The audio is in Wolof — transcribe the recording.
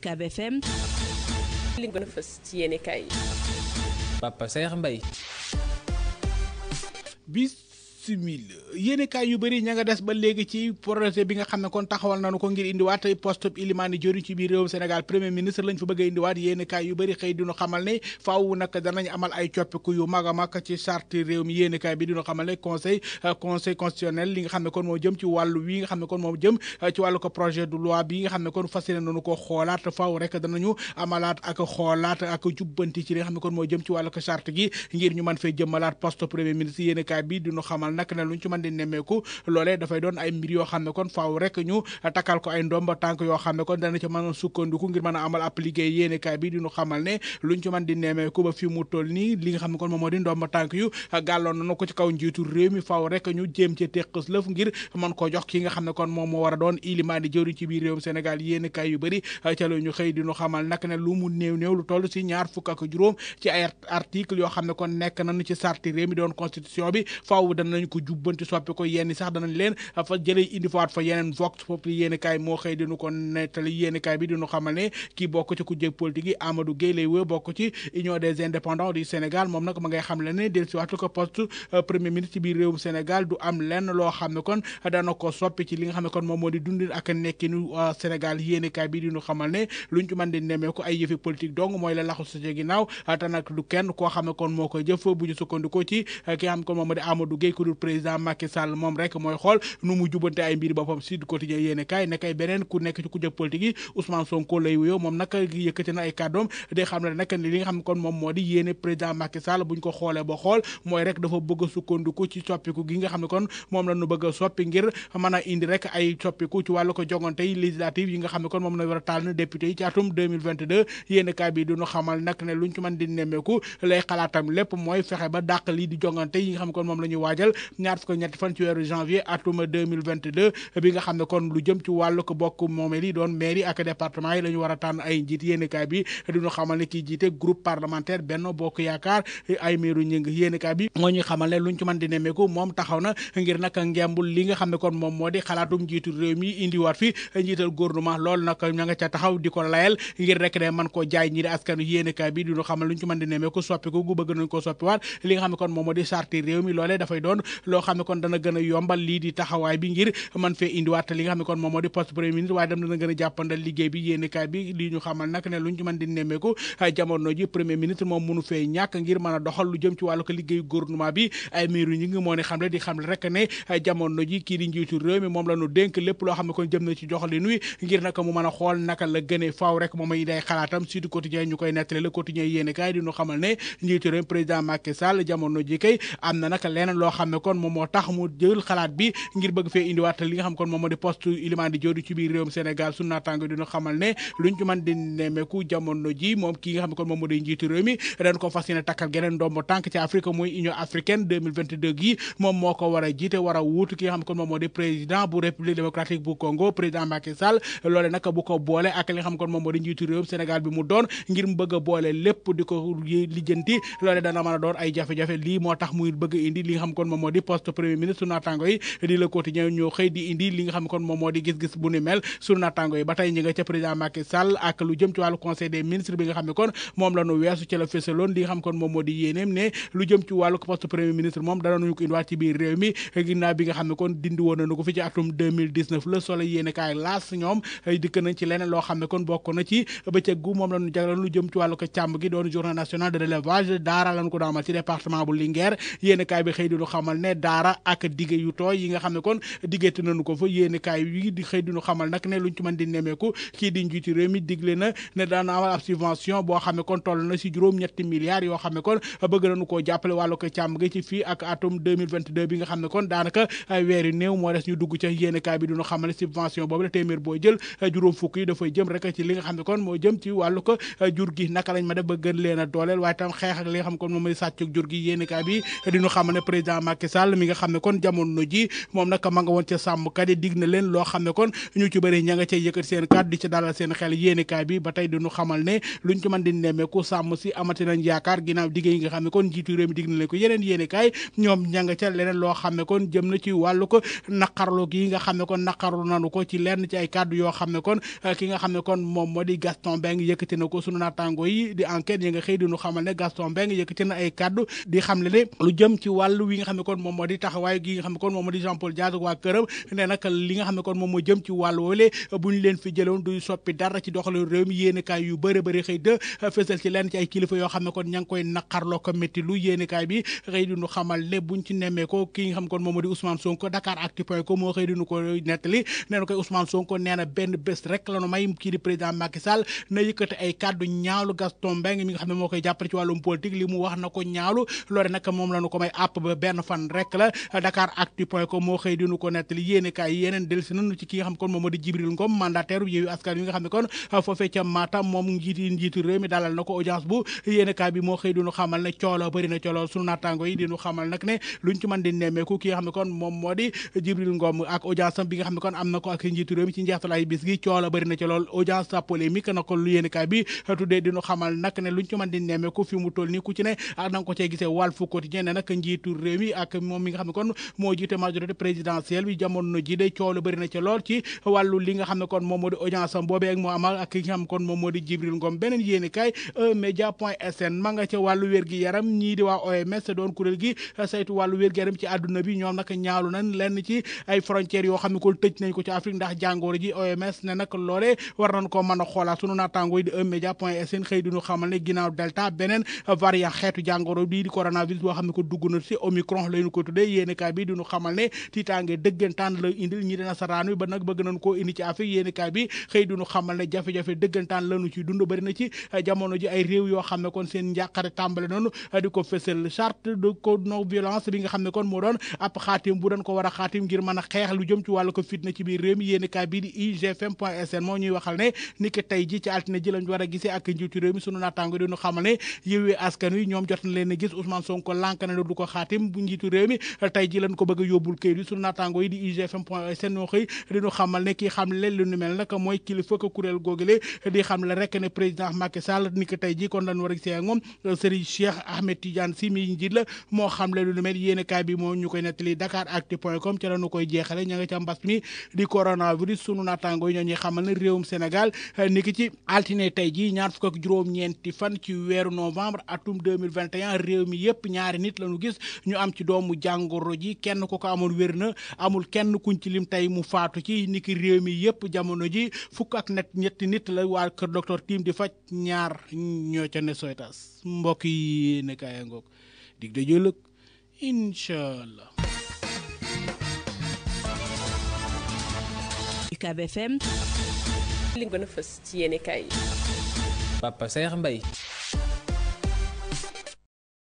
UCAB FM. li gën a fës ci yéenekaay yi. Papa Saer Mbaye. bis. simili yéenekaay yu bëri ña nga des ba léegi ci projet bi nga xam ne kon taxawal nañu ko ngir indiwaat poste ilimaani jëriñ ci biir réewum Sénégal premier ministre lañ a indiwaat yéenekaay yu bëri xëy dinu xamal ne faaw nag danañ amal ay coppiku yu mag a mag ci charte réew mi yéenekaay bi dinu xamal ne conseil euh, conseil constitutionnel li nga xam ne kon moo jëm ci wàllu wi nga xam ne kon moo jëm euh, ci wàllu ko projet de xam ne yéene nañu ko xoolaat faaw rek danañu amalaat ak xoolaat ak jubbanti ci li nga xam ne kon moo jëm ci wàllu ko charte gi ngir bi dinu xamal xamal nag ne lu ñu ci mën di nemmeeku yoo xam ne kon faaw rek ñu takkal ko ay ndomba tànk yoo xam ne kon dana ci mën a sukkandiku ngir mën a amal ab liggéey yéenekaay bi diñu xamal ne lu ñu ci ba fi mu toll nii li nga xam ne kon moom moo di ndomba tànk yu gàlloon nañu ko ci kaw njiitu réew mi faaw rek ñu jéem ci ngir mën ko jox ki nga xam ne kon moom moo war a doon ilimaani jëwriñ ci biir réewum Sénégal yéenekaay yu bëri ca la ñu xëy diñu xamal nag ne lu mu néew néew lu toll si ñaar fukk ak juróom ci ay article yoo xam ne kon nekk na nañu ci sarti réew mi doon constitution bi faaw dana danañ ko jubbanti soppi ko yenn sax danañ leen fa jëlee indi faat fa yeneen vox populi yéen kaay moo xëy dinu ko nettali yéen kaay bi euh, euh, kaay bi dinu xamal ne luñ ci mën di nemee ay yëfi politique dong mooy la laxu sa ginnaaw te du kenn koo xam kon moo koy jëf bu ñu sukkandikoo ci euh, ki xam kon moom moo di Amadou Gueye mbiru président Macky Sall moom rek mooy xool nu mu jubante ay mbir boppam Sud Quotidien yéene kaay nekk beneen ku nekk ku jëpp politique yi nga xam a sukkandiku ne kon moom la ñu bëgg a soppi ngir mën a indi rek ay soppiku ci wàllu ko jongante yi législative yi nga xam ne kon moom na war a tànn député yi ci atum 2022 yéene kaay xamal nag ne luñ ci di nemmeeku lay xalaatam lépp mooy fexe ba dàq lii di jongante yi nga xam ne kon moom la waajal ñaar fukk ñetti fan ci weeru janvier atum 2022 bi nga xam ne kon lu jëm ci wàllu ko bokk moomeel yi doon mairie ak département yi la ñu war a tànn ay njiit yéenekaay bi duñu xamal ne kii jiite groupe parlementaire Benno Bokk Yaakaar ay mairu ñi ngi yéenekaay bi moo ñuy xamal ne luñ ci mën di nemmeeku moom taxaw na ngir nag ngembul li nga xam ne kon moom moo di xalaatum njiitu réew mi indiwaat fi njiital gouvernement lool na ña nga ca taxaw di ko layal ngir rek ne man koo jaay ñi di askanu yéenekaay bi duñu xamal luñ ci mën di nemmeeku soppiku gu ko soppiwaat li nga xam ne kon moom moo di charte mi loolee dafay doon loo xam ne kon dana gën a yombal lii di taxawaay bi ngir man fee indiwaat li xam ne kon moom moo di poste premier ministre waaye dem dana gën a jàppandal liggéey bi yéenekaay bi li ñu xamal nag ne luñ ah, ah, la ñu dénk lépp loo xam ne kon jëm na ci doxalin wi la gënee faaw rek moom ay day xalaatam Sud Quotidien ñu koy nettali Le Quotidien yéenekaay di ñu xamal ne njiitu réew président Macky Sall jamono ji am na naka leneen loo xam ne kon moom moo tax mu jël xalaat bi ngir bëgg fee indiwaat li nga xam kon moom moo di poste Ilimane Diodou ci biir réewum Sénégal sunu naataango dina xamal ne luñ ci mën jamono ji moom ki xam kon moom moo di njiitu réew mi dañ ko fas yéene takkal ki nga xam kon moom moo di président bu République démocratique bu Congo président Macky Sall loole nag bu ko boole ak li nga xam kon moom moo di njiitu réewum Sénégal bi mu doon ngir mu boole lépp di ko lijjanti loole dana mën a doon ay muy bëgg indi li moo di poste premier ministre sunu naataango yi di le quotidien ñoo xëy di indi li nga xam ne kon moom moo di gis-gis bu ni nga ca président Macky Sall ak lu jëm ci wàllu conseil nga xam ne kon moom la ñu weesu ci la fësaloon nga xam ne kon moom moo di yéeneem ne lu jëm ci wàllu poste premier moom danoon ñu ko indiwaat ci biir nga xam ne kon dindi woon nañu fi ci atum la solo yéene laas ñoom dikk nañ ci leneen loo xam ne kon bokk na ci bëccëg gu ne daara ak dige yu tooy yi nga xam ne kon diggeeti nañu ko fa yéeni kaay yi di xamal nag ne luñ ci nemeeku kii di njiitu réew digle na ne daana amal ab subvention boobu la téeméer boo jël juróom fukk yi dafay jëm rek ci li nga xam kon moo jëm ci wàllu ko jur gi naka lañ ma def ba gën leen dooleel waaye tam xeex ak li nga xam ne kon moom jur gi yéeni kaay bi diñu xamal ne président Macky Sall mi nga xam ne kon jamono ji moom nag ma nga woon ca sàmmkat yi dig na leen loo xam ne kon ñu ci bëri ña nga cay yëkkati seen kàddu di ci dalal seen xel yéenekaay bi ba di ñu xamal ne luñ xam ne kon jiitu na leen ko jëm na ci wàllu ko naqarlu gi nga xam ne kon naqarlu nanu ko xam ne kon eh, ki nga xam moo di Gaston Mbengue yëkkati na ko sunu naataango yi di enquête yi nga xëy di ñu xamal ne Gaston Mbengue yëkkati na kon moom moo di taxawaay gi nga xam ne kon moom moo di Jean Paul Diaz waa këram ne nag li nga xam kon moom moo jëm ci wàllu woole bu ñu leen fi jëloon du soppi dara ci doxalin réew mi yéenekaay yu bëri bëri xëy de fësal ci lenn ci ay kilifa yoo xam ne ko métti loole nag moom la nu ko may àpp ba benn fan fan rek la Dakaractu point com moo xëy dinu ko nettali yéene moo di ko audience bu kaay bi moo xëy ci mën xam kon moom moo Jibril Ngom ak audience am xam kon am na ak njiitu réew mi ci njeextalaay bis gi coolo bëri na ci audience sa polémique na lu yéene kaay bi tuddee dinu xamal nag ne luñ ci mën di nemmeeku fi nii ku ci ne ak na nga ko cee gisee Walf Quotidien ne nag njiitu réew mi ak moom mi nga xam ne kon moo jiite majorité présidentielle bi jamono ji de coow lu bëri na ca lool ci wàllu li nga xam ne kon moom moo di audience am boobee ak moo amal ak ki nga xam kon moom moo Jibril Ngom beneen yéeni kaay média point sn ma nga ca wàllu wér yaram ñii di waa OMS doon kuréel gi saytu wàllu wér yaram ci àdduna ñoom nag ñaalu nañ lenn ci ay frontières yoo xam ne tëj nañ ko ci Afrique ndax jàngoro ji OMS ne nag loolee war ko mën a xoolaat sunu naataango na ci lañu ko tuddee yéenekaay bi diñu xamal ne tiitaange dëggantaan la indil ñi di nasaraan wi ba nag bëgg nañ koo indi ci Afrique yéenekaay bi xëy diñu xamal ne jafe-jafe dëggantaan lañu ci dund bari na ci jamono ji ay réew yoo xam ne kon seen njàqare tàmbale noonu di ko charte de ko a a xeex fitna ci biir réew mi yéenekaay bi di igfm point sn moo ñuy waxal ne ni ki tey ji ci altine ji war a gisee ak njiitu réew mi sunu naataango diñu réew mi tey ji lañ ko bëgg a yóbbul këyit yi sunu naataango yi di IGFM point sn noo xamal ne kii xam lu nu mel nag mooy kilifa ko kuréel googule di xam rek ne président Macky Sall ni ko tey a Ahmed Tidiane Sy mi njiit la moo xam lu nu mel yéene kaay bi moo ñu koy nettali Dakaractu point com ca la koy jeexale ña nga ca mbas mi di coronavirus sunu naataango yi xamal ne réewum Sénégal ni ci altine tey ji ñaar fukk juróom-ñeenti fan ci mu jàngoro ji kenn ku ko amoon wér na amul kenn kuñ ci lim tey mu faatu ci niki réew mi yëpp jamono ji fukk ak ñetti nit la waa kër docteur Tim di faj ñaar ñoo ne sooy tas mbokk yi kaaya ngoog dig da jëlëg incha allah. UCAB FM. li